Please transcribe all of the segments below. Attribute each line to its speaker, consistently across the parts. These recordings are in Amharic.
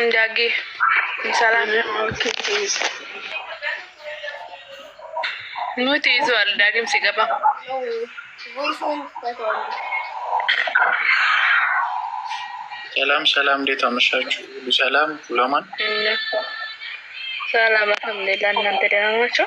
Speaker 1: እንዳጌ ሰላም ኑት ይዘዋል። ዳግም ሲገባ
Speaker 2: ሰላም ሰላም፣ እንዴት አመሻችሁ? ሰላም ሁላማን
Speaker 1: ሰላም፣ አልሐምዱሊላህ። እናንተ ደህና ናቸው?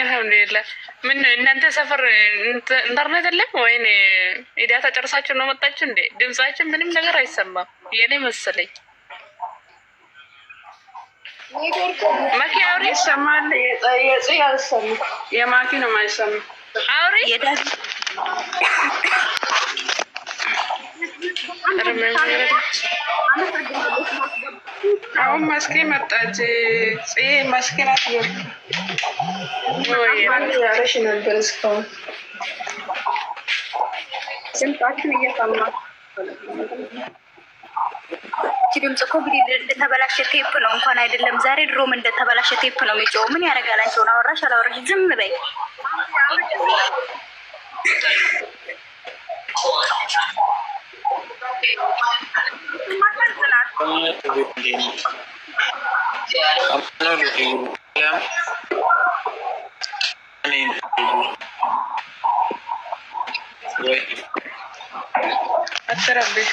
Speaker 1: አልሐምዱሊላህ። ምን እናንተ ሰፈር ኢንተርኔት የለም ወይ? ኢዳታ ጨርሳችሁ ነው መጣችሁ እንዴ? ድምጻችን ምንም ነገር አይሰማም። የኔ መሰለኝ ማኪ አውሪ
Speaker 3: ይሰማል። የጽ ያልሰማ የማኪ ነው የማይሰማ አውሪ አሁን መስኪ መጣች። ጽዬ መስኪ ናት። ነበር እስካሁን ድምጻችን እየሰማ
Speaker 4: ድምጽ እኮ እንደተበላሸ ቴፕ ነው። እንኳን አይደለም ዛሬ ድሮም እንደተበላሸ ቴፕ ነው የሚጮው። ምን ያደርጋል? አንቺውን አወራሽ አላወራሽ ዝም በይ።
Speaker 1: አትረብሹ።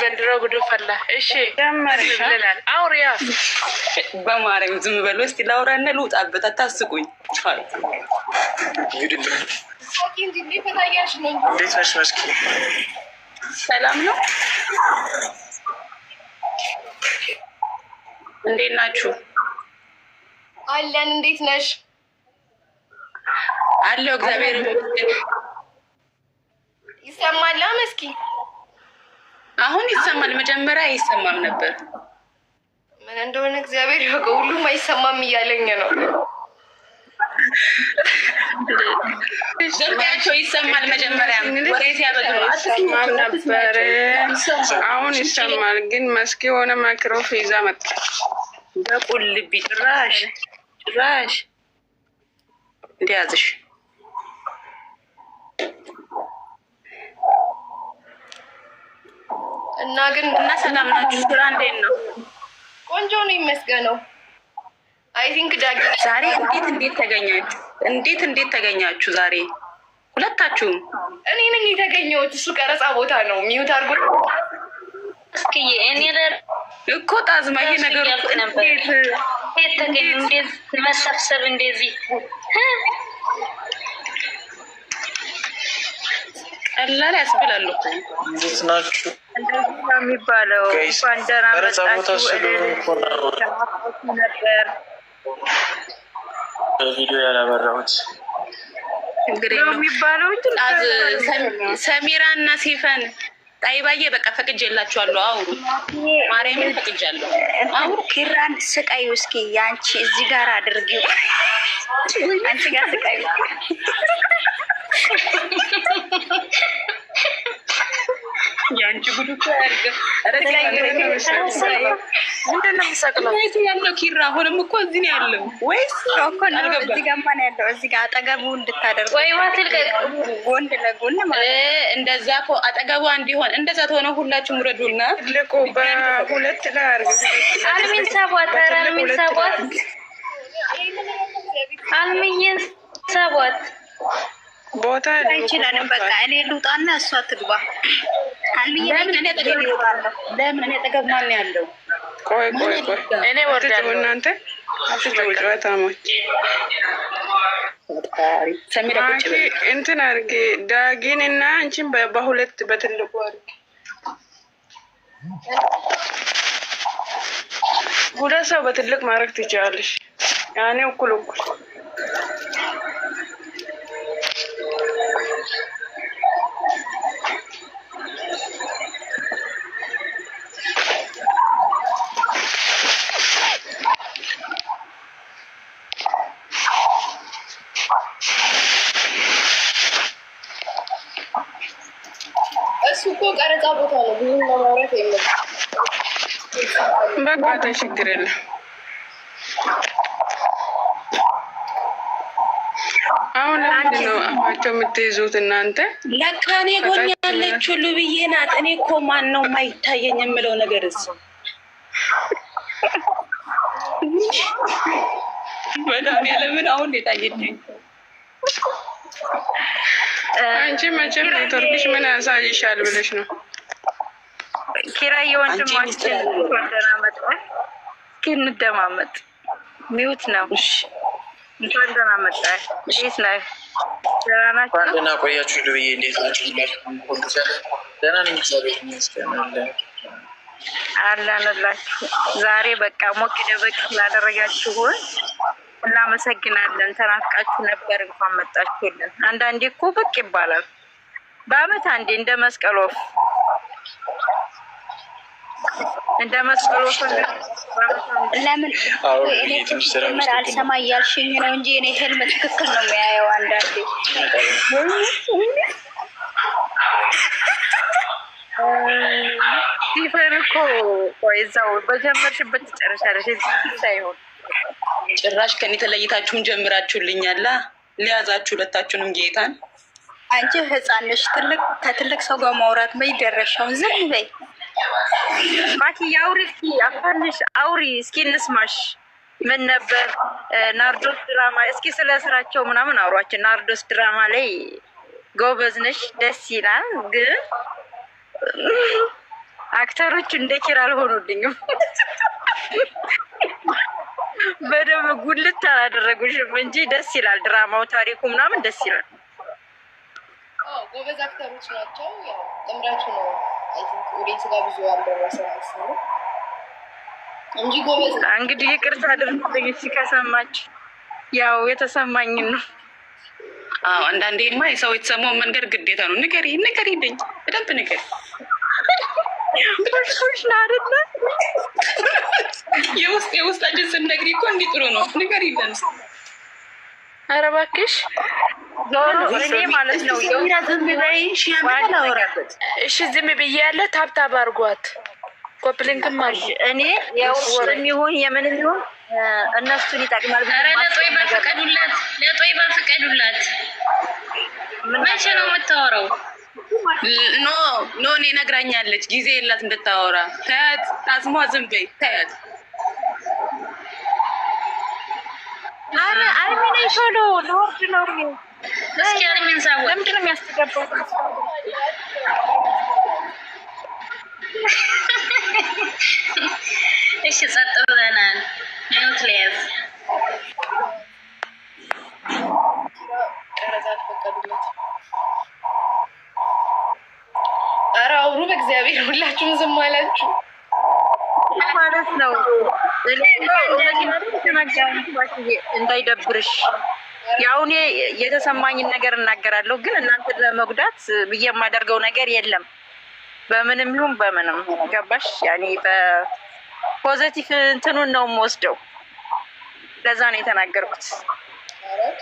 Speaker 1: ዘንድሮ ጉዱ ፈላ። እሺ
Speaker 3: ብለናል።
Speaker 1: አውሪያ በማርያም ዝም በሉ እስኪ ላውራና ልውጣበት። አታስቁኝ። እንዴት ሰላም ነው። እንዴት ናችሁ?
Speaker 4: አለን። እንዴት ነሽ?
Speaker 1: አለው እግዚአብሔር
Speaker 4: ይሰማል መስኪ
Speaker 1: አሁን ይሰማል። መጀመሪያ አይሰማም ነበር።
Speaker 4: ምን እንደሆነ እግዚአብሔር ያውቀው። ሁሉም አይሰማም እያለኝ ነው።
Speaker 1: ድምጻቸው ይሰማል። መጀመሪያ
Speaker 3: ይሰማል ነበር፣ አሁን ይሰማል። ግን መስኪ የሆነ ማይክሮፎን ይዛ መጣ።
Speaker 1: በቁልቢ ጭራሽ ጭራሽ እንዲያዝሽ እና ግን እና ሰላም ናችሁ? ስራ እንዴት ነው?
Speaker 4: ቆንጆ ነው ይመስገነው። አይ ቲንክ ዳጊ
Speaker 1: ዛሬ እንዴት እንዴት ተገኛችሁ? እንዴት እንዴት ተገኛችሁ ዛሬ ሁለታችሁም?
Speaker 4: እኔ ነኝ የተገኘሁት። እሱ ቀረጻ ቦታ ነው። ሚዩት አርጎ እስኪ እኔ
Speaker 1: እኮ ጣዝማ ይሄ ነገር ነበር።
Speaker 4: እንዴት መሰብሰብ እንደዚህ
Speaker 1: ቀላል ያስብላል እኮ
Speaker 2: እንዴት ናችሁ
Speaker 3: የሚባለው። እንኳን ደህና
Speaker 2: መጣችሁ ነበር በቪዲዮ ያላበራሁት
Speaker 1: ሰሚራ እና ሲፈን ጣይባዬ በቃ ፈቅጄላችኋለሁ። አውሩ ማርያምን ፈቅጃለሁ።
Speaker 4: አሁን ኪራን ስቃዩ እስኪ የአንቺ እዚህ ጋር አድርጊው አንቺ ጋር ስቃዩ
Speaker 1: የአንቺ ጉድ እኮ ምንድን ነው የምትሰቅለው? ያለው ኪራ አሁንም እኮ እዚህ ነው ያለው
Speaker 4: ወይስ እዚህ ጋማ ነው ያለው? እዚህ ጋር አጠገቡ እንድታደርገው ጎን ለጎን
Speaker 1: ማለት እንደዛ እኮ አጠገቡ እንዲሆን እንደዛ ተሆነ ሁላችሁም ውረዱና
Speaker 3: ልቁ በሁለት
Speaker 4: አልሚን ሰቧት፣ አልሚን ሰቧት፣ አልሚን ሰቧት ቦታ አይችልም። በቃ እኔ ልውጣና እሷ ትግባ። ለምን
Speaker 1: እኔ
Speaker 3: እንትን አድርጌ ዳጊን እና አንቺን በሁለት በትልቁ አድርጌ ሁለት ሰው በትልቅ ማድረግ ትችላለሽ። ያኔ እኩል እኩል አባተ ችግር የለም። አሁን ለምንድን ነው አማቸው የምትይዙት እናንተ?
Speaker 4: ለካ እኔ ጎን ያለች ሁሉ ብዬ ናት። እኔ እኮ ማን ነው የማይታየኝ የምለው ነገር እሱ
Speaker 1: በጣም ያለምን አሁን የታየችኝ
Speaker 3: አንቺ መቼም ኔትወርክሽ ምን ያሳይሻል ብለሽ ነው
Speaker 4: ኪራ የወንድማችን ወደና መጥቷል። እስኪ እንደማመጥ ሚውት ነው። እንኳን ደህና መጣህ። እንዴት ነህ? ደህና ናችሁ?
Speaker 2: ደህና ቆያችሁ። ልብዬ። እንዴት ናችሁ? ደህና ነኝ እግዚአብሔር ይመስገን
Speaker 4: አለንላችሁ። ዛሬ በቃ ሞቅ ደበቅ ስላደረጋችሁን እናመሰግናለን። ተናፍቃችሁ ነበር፣ እንኳን መጣችሁልን። አንዳንዴ እኮ ብቅ ይባላል። በአመት አንዴ እንደ መስቀል ወፍ እንደ መስቀል ወፍ ለምን ጀምር አልሰማ እያልሽኝ ነው እንጂ እኔ ህልም ትክክል ነው የሚያየው አንዳንዴ
Speaker 1: ሲፈር እኮ ቆይ እዛው በጀመርሽበት ትጨርሻለሽ። ሳይሆን ጭራሽ ከኔ ተለይታችሁም ጀምራችሁልኛላ ሊያዛችሁ ሁለታችሁንም ጌታን
Speaker 4: አንቺ ህፃን ነሽ። ትልቅ ከትልቅ ሰው ጋር ማውራት በይ። ደረሻውን ዝም በይ። ማኪዬ አውሪ እስኪ አፋንሽ አውሪ እስኪ እንስማሽ። ምን ነበር ናርዶስ ድራማ? እስኪ ስለ ስራቸው ምናምን አውሯቸው። ናርዶስ ድራማ ላይ ጎበዝ ነሽ፣ ደስ ይላል። ግን አክተሮች እንደ ኪራ አልሆኑልኝም። በደንብ ጉልት አላደረጉሽም እንጂ ደስ ይላል ድራማው፣ ታሪኩ ምናምን ደስ ይላል።
Speaker 1: ጎበዝ አክተሮች ናቸው። ያው ጥምረቱ ነው ኦዲንስ ጋር ብዙ ያልደረሰ ነው እንጂ ጎበዝ።
Speaker 3: እንግዲህ ይቅርታ አድርጉልኝ ከሰማች፣ ያው የተሰማኝ ነው።
Speaker 1: አዎ አንዳንዴማ የሰው የተሰማውን መንገድ ግዴታ ነው። ንገሪ ንገሪ ብኝ በደንብ ንገሪ
Speaker 3: ሽ ናርና
Speaker 1: የውስጥ የውስጣችን ስንነግሪ እኮ እንዲህ ጥሩ ነው። ንገሪ ይለን ኧረ እሺ ዝም ብዬ ያለ ታብታብ አርጓት ኮፕሊንግም አለ
Speaker 4: እኔ ይሁን እነሱን ይጠቅማል።
Speaker 1: ኧረ ለጦይባ ፍቀዱላት፣ መቼ ነው የምታወራው? ኖ ኖ እኔ ነግራኛለች፣ ጊዜ የላት እንድታወራ። ተያት፣ ታስሟ ዝም በይ ተያት።
Speaker 4: ነው
Speaker 3: ለምንድን ነው የሚያስገባው?
Speaker 1: እሺ ጸጥ ብለናል። ኒውክሊየስ ኧረ አውሩ በእግዚአብሔር ሁላችሁም ዝም አላችሁ
Speaker 4: ማለት ነው እንዳይደብርሽ ያው እኔ የተሰማኝን ነገር እናገራለሁ፣ ግን እናንተ ለመጉዳት ብዬ የማደርገው ነገር የለም። በምንም ይሁን በምንም ገባሽ? ያኔ በፖዘቲቭ እንትኑን ነው የምወስደው። ለዛ ነው የተናገርኩት።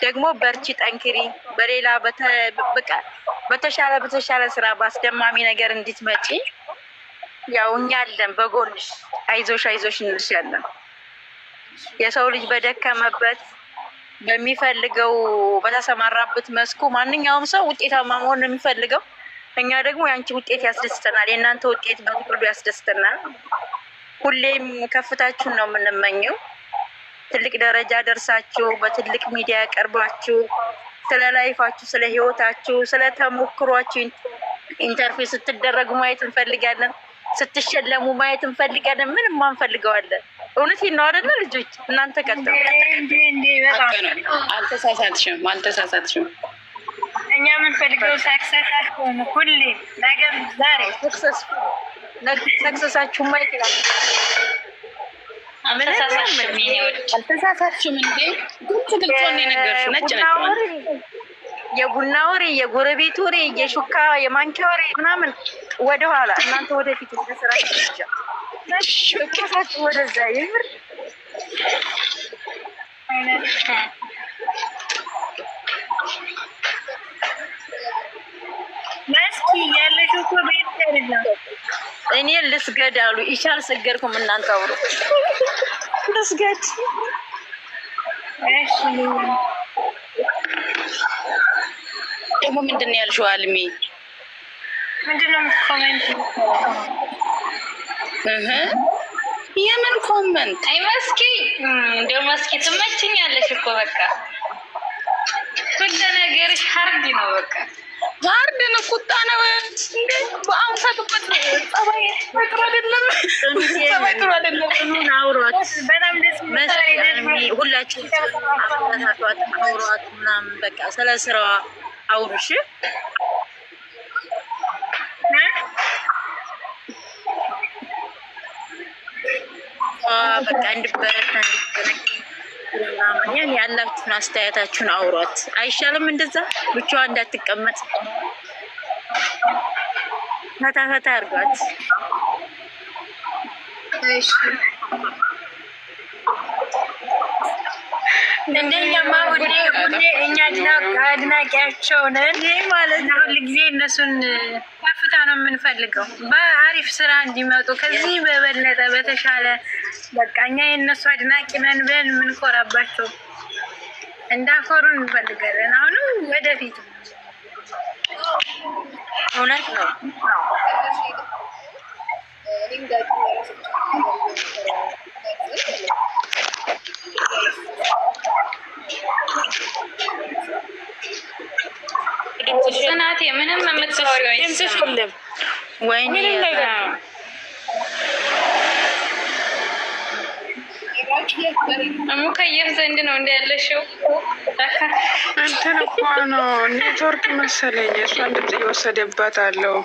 Speaker 4: ደግሞ በርቺ፣ ጠንክሪ፣ በሌላ በቃ በተሻለ በተሻለ ስራ በአስደማሚ ነገር እንድትመጪ ያው እኛ አለን በጎንሽ፣ አይዞሽ አይዞሽ እንልሻለን። የሰው ልጅ በደከመበት በሚፈልገው በተሰማራበት መስኩ ማንኛውም ሰው ውጤታማ መሆን ነው የሚፈልገው። እኛ ደግሞ የአንቺ ውጤት ያስደስተናል፣ የእናንተ ውጤት በትቅሉ ያስደስተናል። ሁሌም ከፍታችሁን ነው የምንመኘው። ትልቅ ደረጃ ደርሳችሁ በትልቅ ሚዲያ ቀርባችሁ ስለ ላይፋችሁ፣ ስለ ህይወታችሁ፣ ስለ ተሞክሯችሁ ኢንተርቪው ስትደረጉ ማየት እንፈልጋለን። ስትሸለሙ ማየት እንፈልጋለን። ምንም አንፈልገዋለን። እውነቴን ነው አይደለ? ልጆች እናንተ ቀጥሉ።
Speaker 1: አልተሳሳትሽም፣ አልተሳሳትሽም።
Speaker 4: እኛ የምንፈልገው ሳክሰሳችሁን ሁሌ ነገር ዛሬ ሳክሰሳችሁ ማየት ይላል። አልተሳሳትሽም እንዴ!
Speaker 1: ግልጽ ግልጽ ነው የነገርሽው።
Speaker 4: ነጭ ነጭ የቡና ወሬ፣ የጎረቤት ወሬ፣ የሹካ የማንኪያ ወሬ ምናምን ወደኋላ እናንተ ወደፊት ስራ እኮሳችሁ ወደዛ የምር መስኪ ያለሽው እኮ ቤት
Speaker 1: እኔ ልስገድ አሉ ይቻል ስገድኩም እናንተ አውሩ ልስገድ ደግሞ ምንድን ነው ያልሽው? አልሚ?
Speaker 3: ምንድን ነው ኮሜንት
Speaker 1: የምን ኮመንት?
Speaker 4: አይ መስኪ እንደው መስኪ ትመችኛለሽ እኮ በቃ ሁሉ ነገር ሀርድ ነው። በቃ
Speaker 1: ሀርድ ነው። ቁጣ ነው እንዴ? በአንሳቱበት ጸባይ ጥሩ አይደለም። ጸባይ ጥሩ አይደለም።
Speaker 4: አውሯት። በጣም ደስ ሁላችሁ አውሯት ምናምን በቃ ስለ ስራዋ አውሩሽ በቃ እንድበረታ እንድበረታኛን ያላችሁን አስተያየታችሁን አውሯት። አይሻልም? እንደዛ ብቻዋ እንዳትቀመጥ ፈታ ፈታ አድርጓት።
Speaker 3: እንደኛማ ሁሌ ሁሌ እኛ አድናቂያቸው ነን ማለት ነው። ሁል ጊዜ እነሱን ከፍታ ነው የምንፈልገው። በአሪፍ ስራ እንዲመጡ ከዚህ በበለጠ በተሻለ በቃ እኛ የእነሱ አድናቂ ነን ብለን የምንኮራባቸው እንዳኮሩ እንፈልጋለን። አሁንም ወደፊት
Speaker 1: እውነት ነው።
Speaker 4: ጽናቴ ምንም የምትሰሪው ወይኔ ሙከየፍ ዘንድ ነው እንደ ያለሽው
Speaker 3: እንትን እኮ ነው ኔትወርክ መሰለኝ። እሷን ድምፅ እየወሰደባት አለው።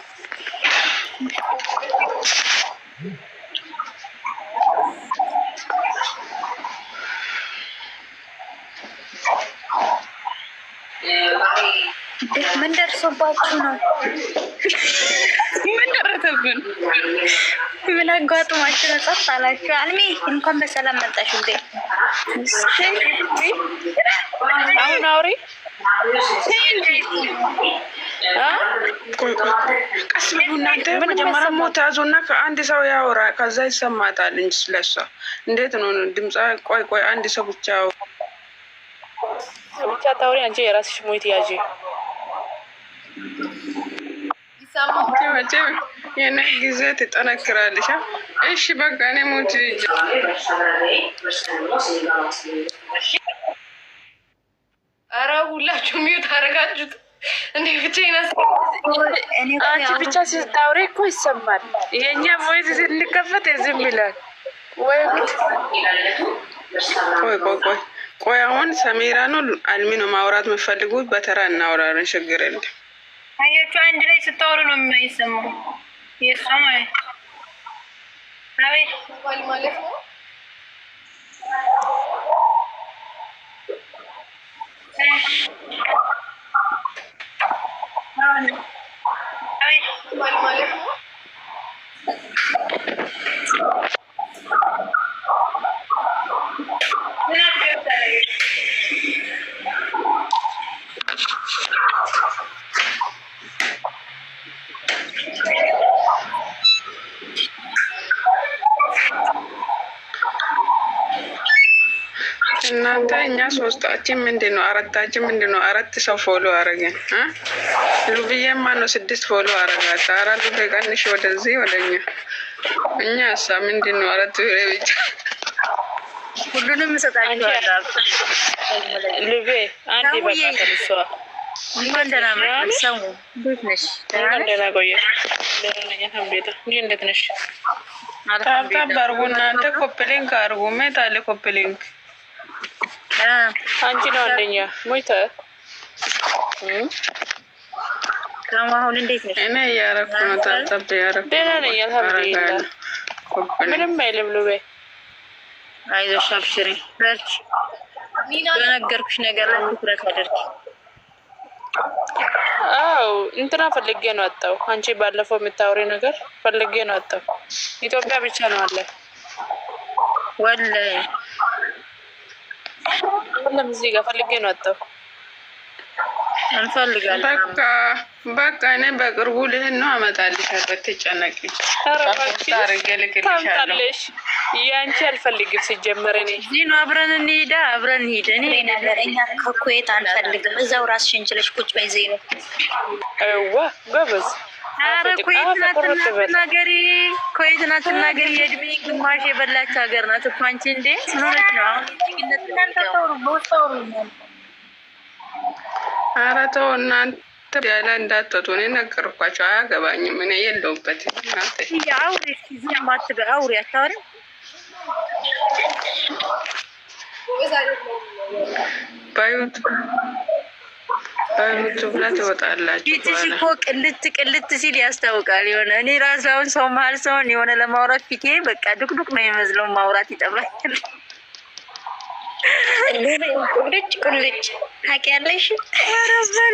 Speaker 4: ምን ደርሶባችሁ ነው? ተሳተፍን ምን አጋጥሟችሁ ነው አላችሁ? አልሚ እንኳን በሰላም መጣሽ። እንዴ
Speaker 1: አሁን አውሪ
Speaker 3: ቀስ ብሉ እናንተ። መጀመሪያ ሞት ያዙና ከአንድ ሰው ያወራ ከዛ ይሰማታል እንጂ ስለሷ እንዴት ነው ድምፃ? ቆይ ቆይ አንድ ሰው ብቻ
Speaker 1: ብቻ ታውሪ አንቺ የራስሽ ሞት ያዥ
Speaker 3: የነ ጊዜ ትጠነክራለሽ። እሺ በቃ እኔ ሞት
Speaker 1: አረ ሁላችሁ ሚዩት አረጋችሁት። እንዴ?
Speaker 4: እኔ ብቻ ስታውሪ እኮ ይሰማል።
Speaker 3: የእኛ ቮይስ ስንከፈት ዝም ይላል። ወይ ቆይ ቆይ ቆይ ቆይ አሁን ሰሜራ ነው አልሚ ነው ማውራት የምፈልጉት በተራ እናውራረን። ችግር የለም።
Speaker 4: አያችሁ አንድ ላይ ስታወሩ ነው የማይሰማው Jesús. Eh. A ver. ¿Cuál Sí. Eh. A ver. ¿Cuál molesto?
Speaker 3: እናንተ እኛ ሶስታችን ምንድን ነው አራታችን ምንድን ነው አራት ሰው ፎሎ አረግን። ሉብዬማ ነው ስድስት ፎሎ አረጋት። አራት ተቀንሽ ወደዚህ ወደኛ እኛ ሳ ምንድን ነው አራት ብሬ ብቻ
Speaker 1: ሁሉንም ሰጣልሰሙ
Speaker 3: ኮፕሊንግ አርጉ ሜት አለ ኮፕሊንግ
Speaker 1: አንቺ ነው አንደኛ ሞይተ
Speaker 4: እንዴት ነሽ?
Speaker 3: እኔ እያረኩ ነው። ታጠብ ያረኩ
Speaker 1: ደህና ነኝ። አልሐምዱሊላህ ምንም አይልም። ሉቤ
Speaker 4: አይዞሽ፣ አብሽሪ፣ በነገርኩሽ ነገር ትኩረት አድርጊ።
Speaker 1: አው እንትና ፈልጌ ነው አጣው። አንቺ ባለፈው የምታወሪ ነገር ፈልጌ ነው አጣው። ኢትዮጵያ ብቻ ነው አለ ሁሉም እዚህ ጋር ፈልጌ ነው አጣሁ።
Speaker 4: እንፈልጋለን።
Speaker 3: በቃ በቃ እኔ በቅርቡ ልህን ነው አመጣልሻለሁ። ትጨነቂ
Speaker 1: ታምጣለሽ። ያንቺ አልፈልግም ሲጀመር። እኔ
Speaker 4: እዚህ ነው አብረን እንሂዳ አብረን ሂድ። እኔ እኛ ከኩዌት አንፈልግም። እዛው ራስሽን ችለሽ ቁጭ በይ። ዜሮ
Speaker 1: ዋ ጎበዝ
Speaker 4: ኧረ ኩዌት ናት አትናገሪ፣ ኩዌት ናት አትናገሪ። የእድሜ ግማሽ የበላች ሀገር ናት እኮ አንቺ። እንዴ ምን ነው አሁን?
Speaker 3: ኧረ ተው እናንተ ያለ እንዳትወጡ። እኔ ነገርኳቸው፣ አያገባኝም። እኔ የለሁበትም።
Speaker 4: እናንተ አውሪ፣ ዝም አትበይ፣ አውሪ፣ አታወሪም
Speaker 3: ባዩት ብላ ትወጣላችሁ።
Speaker 4: ፊትሽ እኮ ቅልት ቅልት ሲል ያስታውቃል። የሆነ እኔ ራስ አሁን ሰው መሀል ሰውን የሆነ ለማውራት ፊቴ በቃ ዱቅዱቅ ነው የሚመስለው። ማውራት ይጠብላል። ቁልጭ ቁልጭ ታውቂያለሽ።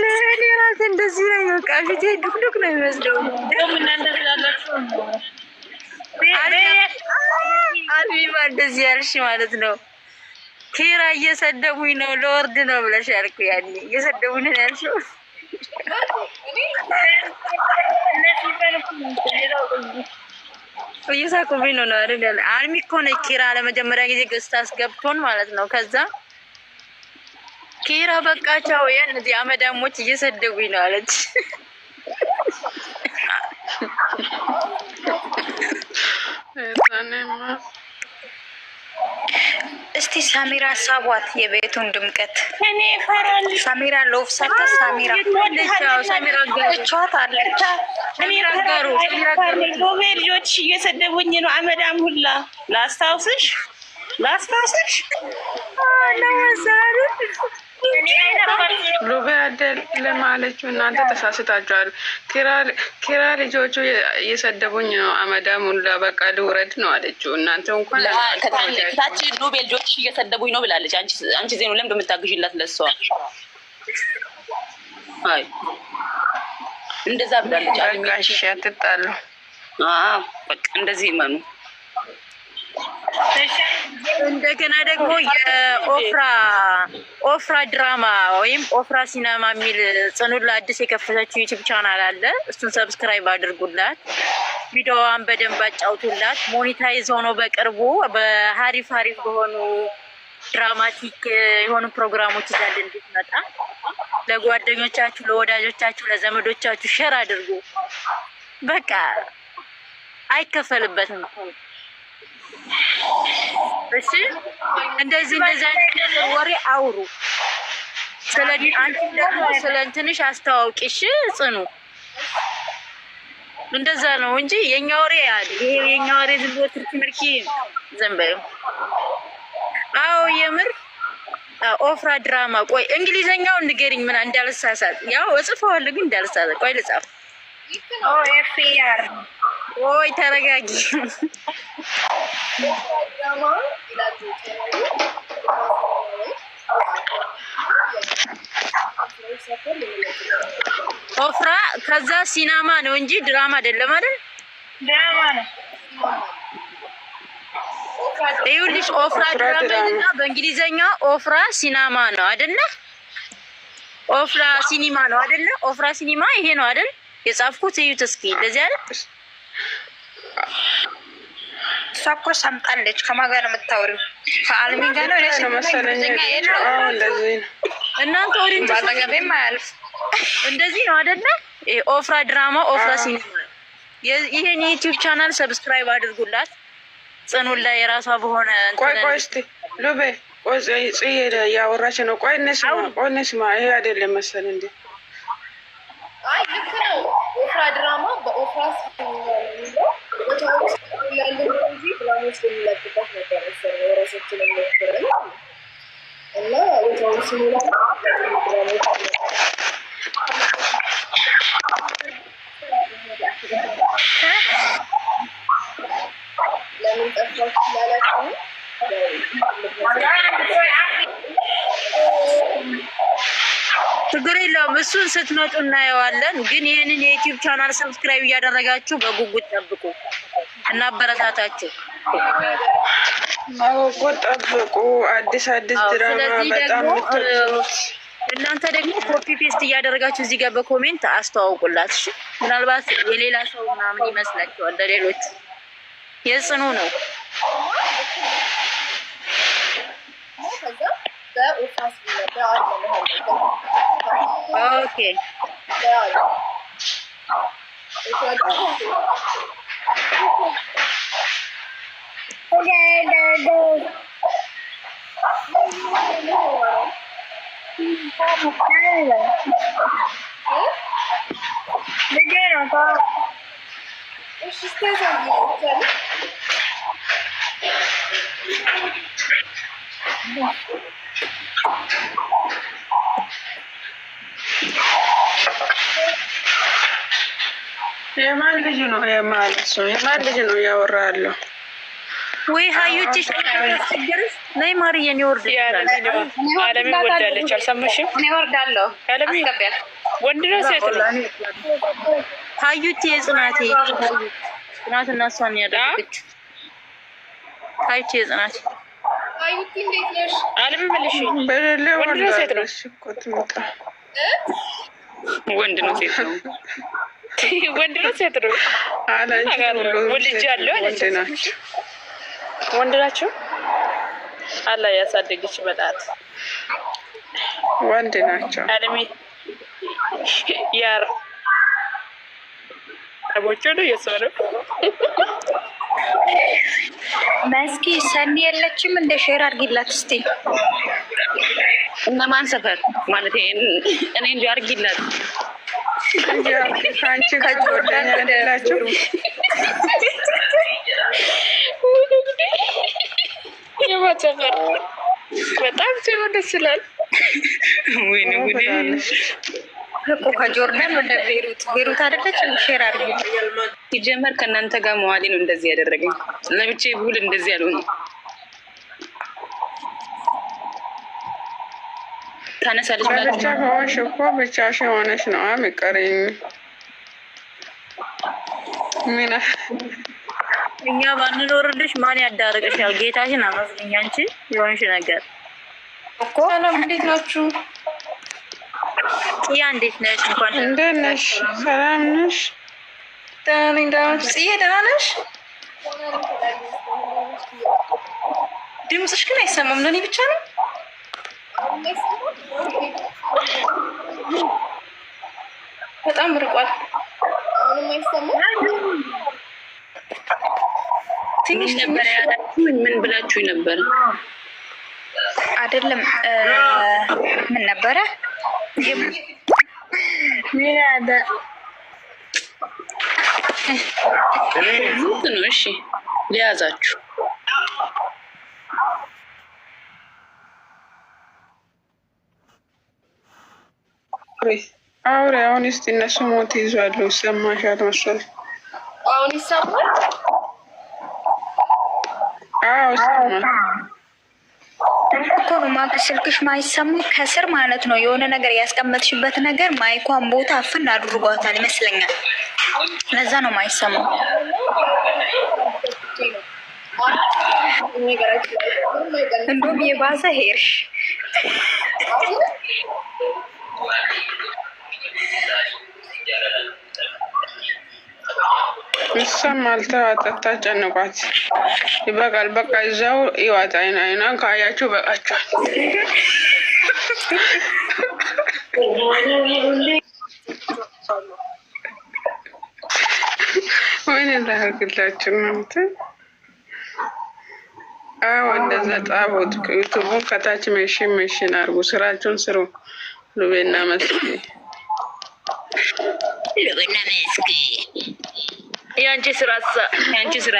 Speaker 3: እኔ ራሴ እንደዚህ ነው በቃ ፊቴ ዱቅዱቅ ነው የሚመስለው።
Speaker 4: አቢባ እንደዚህ ያልሽ ማለት ነው ኪራ እየሰደቡኝ ነው ለወርድ ነው ብለሽ ያልኩ ያኔ እየሰደቡኝ ነው ያልሽው። እየሳቁብኝ ነው ነው አይደል? አልሚ እኮ ነች ኪራ ለመጀመሪያ ጊዜ ገዝታ አስገብቶን ማለት ነው። ከዛ ኪራ በቃ ቻው፣ እነዚህ አመዳሞች እየሰደቡኝ ነው አለች። እስቲ ሳሚራ ሳቧት የቤቱን ድምቀት ሳሚራ ሎፍ ሰርተ ሳሚራ ሳሚራ ልጆች እየሰደቡኝ ነው። አመዳም ሁላ ላስታውስሽ ላስታውስሽ
Speaker 3: ለወዛሩ ሉቤያደል ለማለችው እናንተ ተሳስታችኋል። ኪራ ልጆቹ እየሰደቡኝ ነው፣ አመዳም ሁላ በቃ ልውረድ ነው አለችው። እናንተ እንኳን
Speaker 1: ታች ሉቤ ልጆች እየሰደቡኝ ነው ብላለች። አንቺ ዜኑ ለምን እንደምታግዥላት ለሰዋል እንደዛ ብላለች።
Speaker 3: አልጋሽ አትጣሉ።
Speaker 1: በቃ እንደዚህ መኑ
Speaker 4: እንደገና ደግሞ የኦፍራ ኦፍራ ድራማ ወይም ኦፍራ ሲነማ የሚል ጽኑ ለአዲስ የከፈተችው ዩቲብ ቻናል አለ። እሱን ሰብስክራይብ አድርጉላት፣ ቪዲዮዋን በደንብ አጫውቱላት። ሞኒታይዝ ሆኖ በቅርቡ በሀሪፍ ሀሪፍ በሆኑ ድራማቲክ የሆኑ ፕሮግራሞች ይዛል እንድትመጣ ለጓደኞቻችሁ፣ ለወዳጆቻችሁ፣ ለዘመዶቻችሁ ሸር አድርጉ። በቃ አይከፈልበትም። እሺ እንደዚህ እንደዚህ አይነት ወሬ አውሩ። ስለ አንቺ ደግሞ ስለ እንትንሽ እሺ ጽኑ እንደዛ ነው እንጂ የኛ ወሬ ያል
Speaker 1: ይሄ የኛ ወሬ ዝም ብሎ ትርኪ ምርኪ
Speaker 4: ዝም በዩ። አዎ የምር ኦፍራ ድራማ። ቆይ እንግሊዘኛውን ንገሪኝ ምን እንዳልሳሳት። ያው እጽፈዋለሁ ግን እንዳልሳሳት። ቆይ ልጻፍ ኦ ኤፍ ኢ አር ወይ ተረጋጊ። ኦፍራ ከዛ ሲናማ ነው እንጂ ድራማ አይደለም አይደል? ድራማ ነው። ይኸውልሽ ኦፍራ ድራማና በእንግሊዘኛ ኦፍራ ሲናማ ነው አይደለ? ኦፍራ ሲኒማ ነው አይደለ? ኦፍራ ሲኒማ ይሄ ነው አይደል? የጻፍኩት እዩ እስኪ እንደዚህ አይደል? እሷ እኮ ሰምጣለች። ከማን ጋር ነው የምታወሪው? ከአልሚ ጋር ነው እናንተ
Speaker 1: ወደቤም አያልፍ።
Speaker 4: እንደዚህ ነው አደለ? ኦፍራ ድራማ፣ ኦፍራ ሲኒማ። ይሄን የዩቲዩብ ቻናል ሰብስክራይብ አድርጉላት። ላይ የራሷ በሆነ
Speaker 3: ቆይ ቆይ እስኪ ሉቤ ጽዬ እያወራች ነው። ቆይ እነሱ ቆይ እነስማ ይሄ አይደለም መሰል እንዴ?
Speaker 4: አይ ልክ ነው። ኦፍራ ድራማ በኦፍራ ሲኒማ ያለው ፕላኖች የሚለቁበት ነበር እና ቦታውን ችግር የለውም። እሱን ስትመጡ እናየዋለን። ግን ይህንን የዩቲዩብ ቻናል ሰብስክራይብ እያደረጋችሁ በጉጉት ጠብቁ። እናበረታታችሁ።
Speaker 3: ጠብቁ። አዲስ አዲስ
Speaker 4: ድራማ በጣም እናንተ ደግሞ ኮፒ ፔስት እያደረጋችሁ እዚህ ጋር በኮሜንት አስተዋውቁላት። ምናልባት የሌላ ሰው ምናምን ይመስላችኋል፣ ለሌሎች የጽኑ ነው። ኦኬ
Speaker 3: Vediamo un po'. E ci sta salito. No. የማን ልጅ ነው? የማን ልጅ ነው? የማን ልጅ ነው ያወራለሁ
Speaker 4: ወይ ሀዩት ችግርስ ነይ ማርዬ፣ እኔ
Speaker 1: ወርዳለች። አልሰማሽም?
Speaker 4: እኔ ወርዳለሁ።
Speaker 1: ወንድ ነው ሴት ነው?
Speaker 4: ሀዩት የጽናቴ ጽናት እና እሷን ያደረገችው ሀዩት የጽናቴ
Speaker 1: አለም ብልሽ ወንድ ነው ሴት ነው? ወንድ ነው ሴት ነው? ወንድ ነው ሴት ነው? ወልጃለሁ አለች። ወንድ ናችሁ? አላህ ያሳደገች በጣት
Speaker 3: ወንድ ናቸው።
Speaker 1: አለሚ ያር አቦቹ ነው የሰሩ
Speaker 4: መስኪ ሰኒ የለችም። እንደ ሼር አድርጊላት እስቲ
Speaker 1: እነማን ሰፈር ማለት እኔ እንጂ አድርጊላት እንጂ አንቺ ከጆርዳን ያላችሁ ከተማ በጣም ሲሆ ደስ ይላል።
Speaker 3: ወይ
Speaker 4: ከጆርዳን ወደ ቤሩት ቤሩት አደለች ሼር አድርጊ።
Speaker 1: ሲጀመር ከእናንተ ጋር መዋሌ ነው እንደዚህ ያደረገኝ። ለብቼ ብሁል እንደዚህ ያልሆነ ታነሳለች
Speaker 3: ብቻ እኮ ብቻሽ የሆነች ነው ሚና
Speaker 4: እኛ ባንኖርልሽ ማን ያዳረገሻል? ጌታሽን አመስግኝ። አንቺ የሆንሽ ነገር
Speaker 1: እኮ። ሰላም እንዴት ናችሁ?
Speaker 4: ጽያ እንዴት ነሽ?
Speaker 3: እንኳን እንዴት ነሽ? ሰላም ነሽ?
Speaker 1: ደህና ነኝ። ደህና ነሽ? ጽዬ ደህና ነሽ? ድምፅሽ ግን አይሰማም። ለእኔ ብቻ ነው በጣም ርቋል። ትንሽ
Speaker 4: ነበር ያላችሁኝ። ምን ብላችሁ ነበር? አይደለም ምን ነበረ
Speaker 3: ሚናደ ነው?
Speaker 1: እሺ ሊያዛችሁ
Speaker 3: አውሪ። አሁን እስቲ እነሱ ሞት ይዟሉ። ሰማሻል መሰለኝ
Speaker 4: አሁን ይሰማል። ስልክሽ ማይሰማ ከስር ማለት ነው። የሆነ ነገር ያስቀመጥሽበት ነገር ማይኳን ቦታ አፍን አድርጓታል ይመስለኛል። ለዛ ነው ማይሰማው። እንዲሁም የባሰ ሄርሽ
Speaker 3: እሷም አልተዋጠታ ጨንቋት ይበቃል፣ በቃ እዛው ይዋጣ። አይና አይና ከአያችሁ በቃችኋል። ምን እንዳርግላችሁ ምት አዎ፣ እንደዛ ጣቦት ዩቱቡን ከታች መሽን መሽን አርጉ፣ ስራችሁን ስሩ። ሉቤና መስ
Speaker 4: ሉቤና መስኪ
Speaker 1: የአንቺ ስራ